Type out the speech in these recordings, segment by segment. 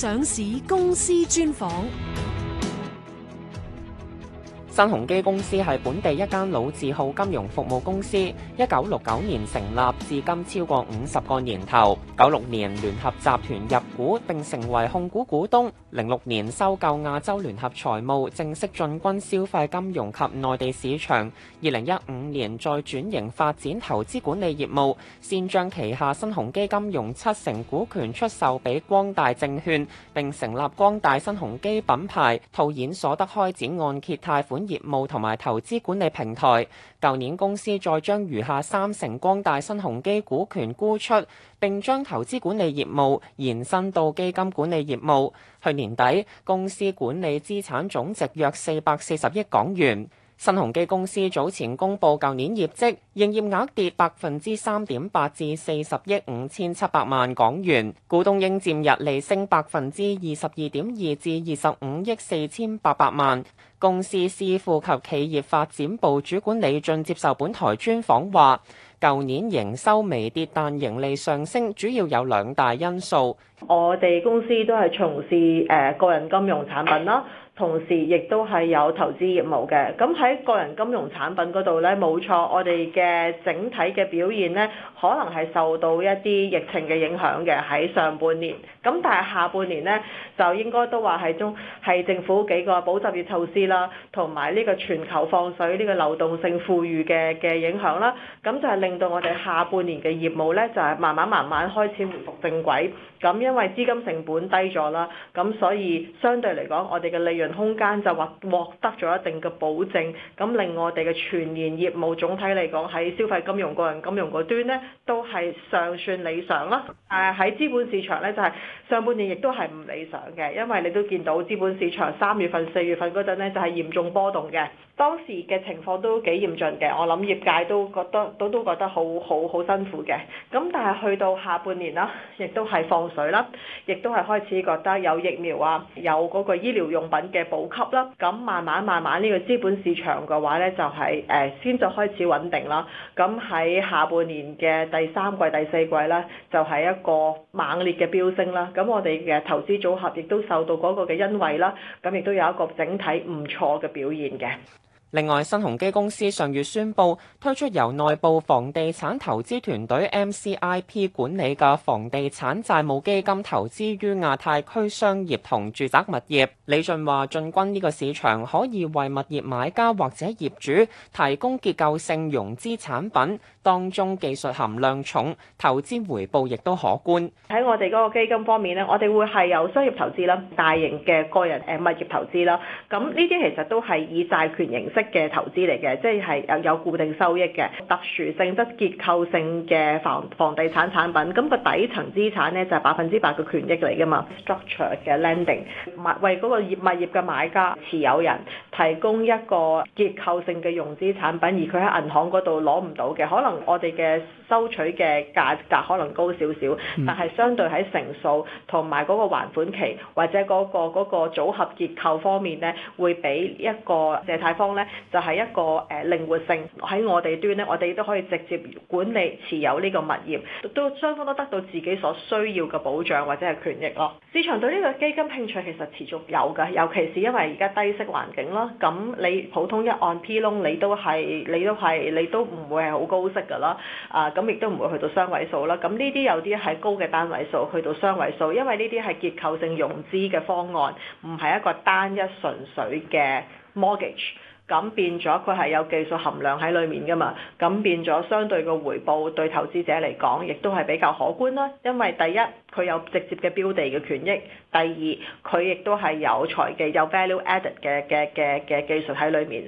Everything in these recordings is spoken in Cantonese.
上市公司專訪。新鴻基公司係本地一間老字號金融服務公司，一九六九年成立，至今超過五十個年頭。九六年聯合集團入股並成為控股股東，零六年收購亞洲聯合財務，正式進軍消費金融及內地市場。二零一五年再轉型發展投資管理業務，先將旗下新鴻基金融七成股權出售俾光大證券，並成立光大新鴻基品牌，套現所得開展按揭貸款。業務同埋投資管理平台，舊年公司再將餘下三成光大新鴻基股權沽出，並將投資管理業務延伸到基金管理業務。去年底，公司管理資產總值約四百四十億港元。新鴻基公司早前公布舊年業績，營業額跌百分之三點八至四十億五千七百萬港元，股東應佔溢利升百分之二十二點二至二十五億四千八百萬，公司司庫及企業發展部主管李雋接受本台專訪話。舊年營收微跌，但盈利上升，主要有兩大因素。我哋公司都係從事誒、呃、個人金融產品啦，同時亦都係有投資業務嘅。咁喺個人金融產品嗰度咧，冇錯，我哋嘅整體嘅表現咧，可能係受到一啲疫情嘅影響嘅。喺上半年，咁但係下半年咧就應該都話係中係政府幾個保就業措施啦，同埋呢個全球放水呢、呢個流動性富裕嘅嘅影響啦，咁就係令。令到我哋下半年嘅業務咧，就係、是、慢慢慢慢開始回復正軌。咁因為資金成本低咗啦，咁所以相對嚟講，我哋嘅利潤空間就獲獲得咗一定嘅保證。咁令我哋嘅全年業務總體嚟講，喺消費金融、個人金融嗰端咧，都係尚算理想啦。誒，喺資本市場咧，就係、是、上半年亦都係唔理想嘅，因為你都見到資本市場三月份、四月份嗰陣咧，就係、是、嚴重波動嘅。當時嘅情況都幾嚴峻嘅，我諗業界都覺得都都覺。都都都得好好好辛苦嘅，咁但係去到下半年啦，亦都係放水啦，亦都係開始覺得有疫苗啊，有嗰個醫療用品嘅補給啦，咁慢慢慢慢呢個資本市場嘅話呢，就係誒先就開始穩定啦，咁喺下半年嘅第三季第四季咧，就係一個猛烈嘅飆升啦，咁我哋嘅投資組合亦都受到嗰個嘅恩惠啦，咁亦都有一個整體唔錯嘅表現嘅。另外，新鴻基公司上月宣布推出由內部房地產投資團隊 M C I P 管理嘅房地產債務基金，投資於亞太區商業同住宅物業，李雋話：進軍呢個市場可以為物業買家或者業主提供結構性融資產品，當中技術含量重，投資回報亦都可觀。喺我哋嗰個基金方面咧，我哋會係有商業投資啦，大型嘅個人誒物業投資啦，咁呢啲其實都係以債權形式。嘅投資嚟嘅，即係有有固定收益嘅特殊性質結構性嘅房房地產產品，咁個底層資產呢，就係百分之百嘅權益嚟㗎嘛。Structure 嘅 Lending 買為嗰個物業嘅買家持有人提供一個結構性嘅融資產品，而佢喺銀行嗰度攞唔到嘅，可能我哋嘅收取嘅價格可能高少少，但係相對喺成數同埋嗰個還款期或者嗰個嗰個組合結構方面呢，會畀一個借貸方呢。就係一個誒靈活性喺我哋端咧，我哋都可以直接管理持有呢個物業，都雙方都得到自己所需要嘅保障或者係權益咯。市場對呢個基金興趣其實持續有㗎，尤其是因為而家低息環境啦，咁你普通一按 P loan 你都係你都係你都唔會係好高息㗎啦，啊咁亦都唔會去到雙位數啦。咁呢啲有啲係高嘅單位數去到雙位數，因為呢啲係結構性融資嘅方案，唔係一個單一純粹嘅 mortgage。咁變咗，佢係有技術含量喺裡面噶嘛？咁變咗，相對嘅回報對投資者嚟講，亦都係比較可觀啦。因為第一，佢有直接嘅標地嘅權益；第二，佢亦都係有財技、有 value added 嘅嘅嘅嘅技術喺裡面。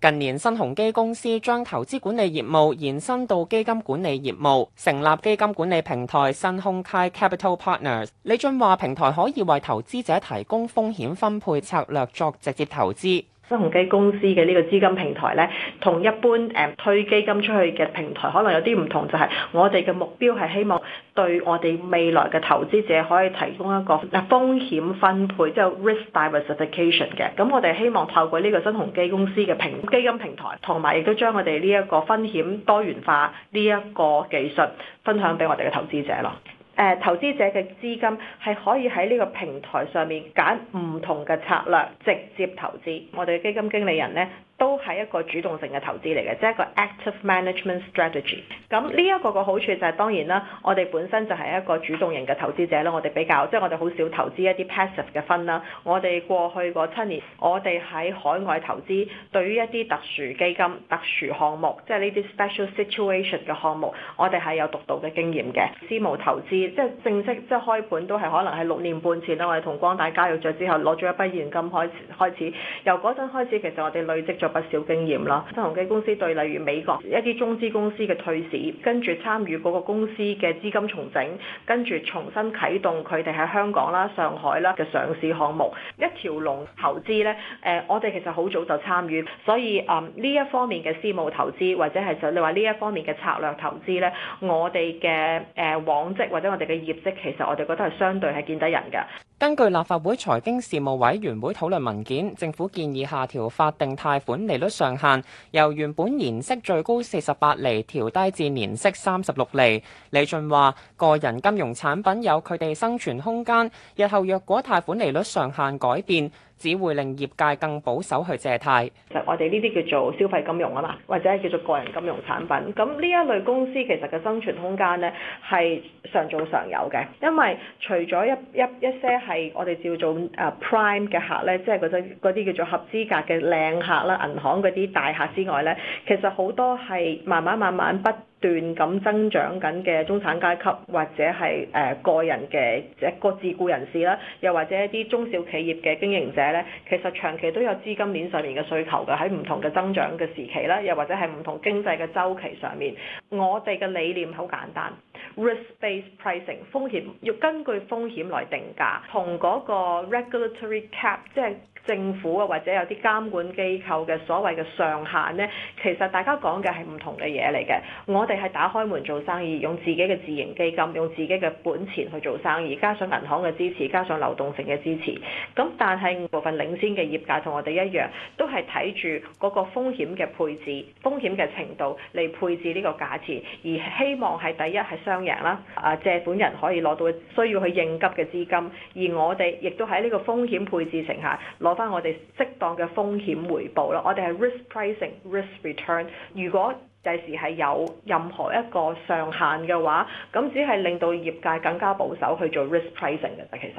近年，新鴻基公司將投資管理業務延伸到基金管理業務，成立基金管理平台新鴻泰 Capital Partners。李雋話：平台可以為投資者提供風險分配策略，作直接投資。新鴻基公司嘅呢個資金平台咧，同一般誒推基金出去嘅平台，可能有啲唔同，就係、是、我哋嘅目標係希望對我哋未來嘅投資者可以提供一個嗱風險分配，即、就、係、是、risk diversification 嘅。咁我哋希望透過呢個新鴻基公司嘅平基金平台，同埋亦都將我哋呢一個風險多元化呢一個技術分享俾我哋嘅投資者咯。誒，投資者嘅資金係可以喺呢個平台上面揀唔同嘅策略，直接投資我哋嘅基金經理人咧。都係一個主動性嘅投資嚟嘅，即係一個 active management strategy。咁呢一個個好處就係、是、當然啦，我哋本身就係一個主動型嘅投資者啦。我哋比較，即、就、係、是、我哋好少投資一啲 passive 嘅分啦。我哋過去個七年，我哋喺海外投資，對於一啲特殊基金、特殊項目，即係呢啲 special situation 嘅項目，我哋係有獨到嘅經驗嘅。私募投資，即係正式即係開盤都係可能係六年半前啦，我哋同光大交易咗之後，攞咗一筆現金開始開始，由嗰陣開始其實我哋累積咗。不少經驗啦，新鴻基公司對例如美國一啲中資公司嘅退市，跟住參與嗰個公司嘅資金重整，跟住重新啟動佢哋喺香港啦、上海啦嘅上市項目，一條龍投資呢，誒，我哋其實好早就參與，所以啊，呢一方面嘅私募投資或者係就你話呢一方面嘅策略投資呢，我哋嘅誒往績或者我哋嘅業績，其實我哋覺得係相對係見得人㗎。根據立法會財經事務委員會討論文件，政府建議下調法定貸款利率上限，由原本年息最高四十八厘調低至年息三十六厘。李雋話：個人金融產品有佢哋生存空間，日後若果貸款利率上限改變，只會令業界更保守去借貸，其實我哋呢啲叫做消費金融啊嘛，或者係叫做個人金融產品。咁呢一類公司其實嘅生存空間呢係常做常有嘅，因為除咗一一一些係我哋叫做啊 prime 嘅客呢，即係嗰啲啲叫做合資格嘅靚客啦、銀行嗰啲大客之外呢，其實好多係慢慢慢慢不 不斷咁增長緊嘅中產階級，或者係誒個人嘅一個自僱人士啦，又或者一啲中小企業嘅經營者咧，其實長期都有資金鏈上面嘅需求嘅。喺唔同嘅增長嘅時期啦，又或者係唔同經濟嘅周期上面，我哋嘅理念好簡單，risk-based pricing，風險要根據風險來定價，同嗰個 regulatory cap 即係。政府啊，或者有啲監管機構嘅所謂嘅上限咧，其實大家講嘅係唔同嘅嘢嚟嘅。我哋係打開門做生意，用自己嘅自營基金，用自己嘅本錢去做生意，加上銀行嘅支持，加上流動性嘅支持。咁但係部分領先嘅業界同我哋一樣，都係睇住嗰個風險嘅配置、風險嘅程度嚟配置呢個價錢，而希望係第一係雙贏啦。啊，借款人可以攞到需要去應急嘅資金，而我哋亦都喺呢個風險配置成下。翻我哋適當嘅風險回報咯，我哋係 risk pricing risk return。如果第時係有任何一個上限嘅話，咁只係令到業界更加保守去做 risk pricing 嘅啫。其實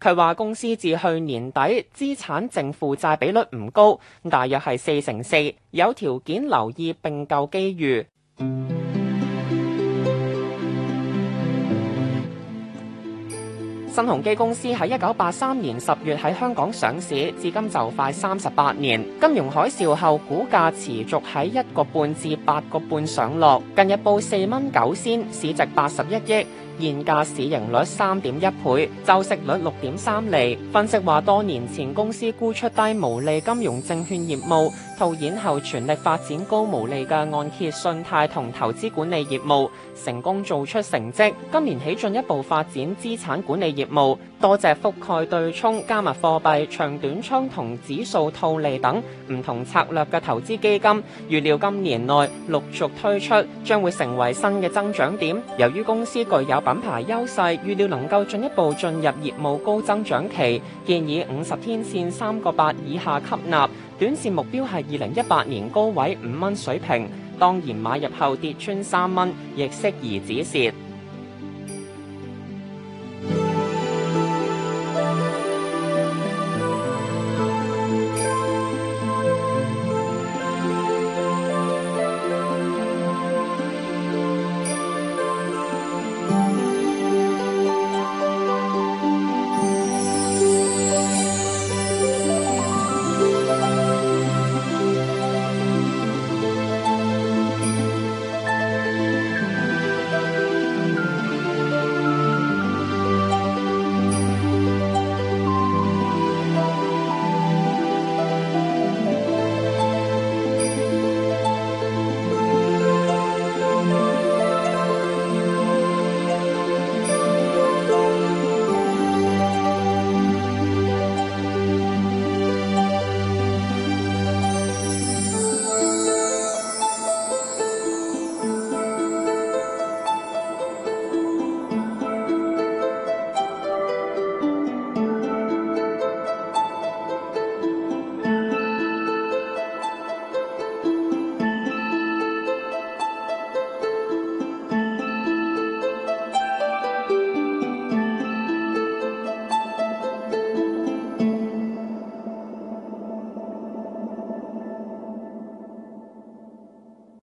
佢話公司自去年底資產淨負債比率唔高，大約係四成四，有條件留意並購機遇。新鴻基公司喺一九八三年十月喺香港上市，至今就快三十八年。金融海嘯後，股價持續喺一個半至八個半上落，近日報四蚊九仙，市值八十一億。現價市盈率三點一倍，周息率六點三厘。分析話多年前公司沽出低毛利金融證券業務，套現後全力發展高毛利嘅按揭信貸同投資管理業務，成功做出成績。今年起進一步發展資產管理業務，多隻覆蓋對沖、加密貨幣、長短倉同指數套利等唔同策略嘅投資基金，預料今年內陸續推出，將會成為新嘅增長點。由於公司具有品牌優勢，預料能夠進一步進入業務高增長期，建議五十天線三個八以下吸納，短線目標係二零一八年高位五蚊水平。當然買入後跌穿三蚊，亦適宜止蝕。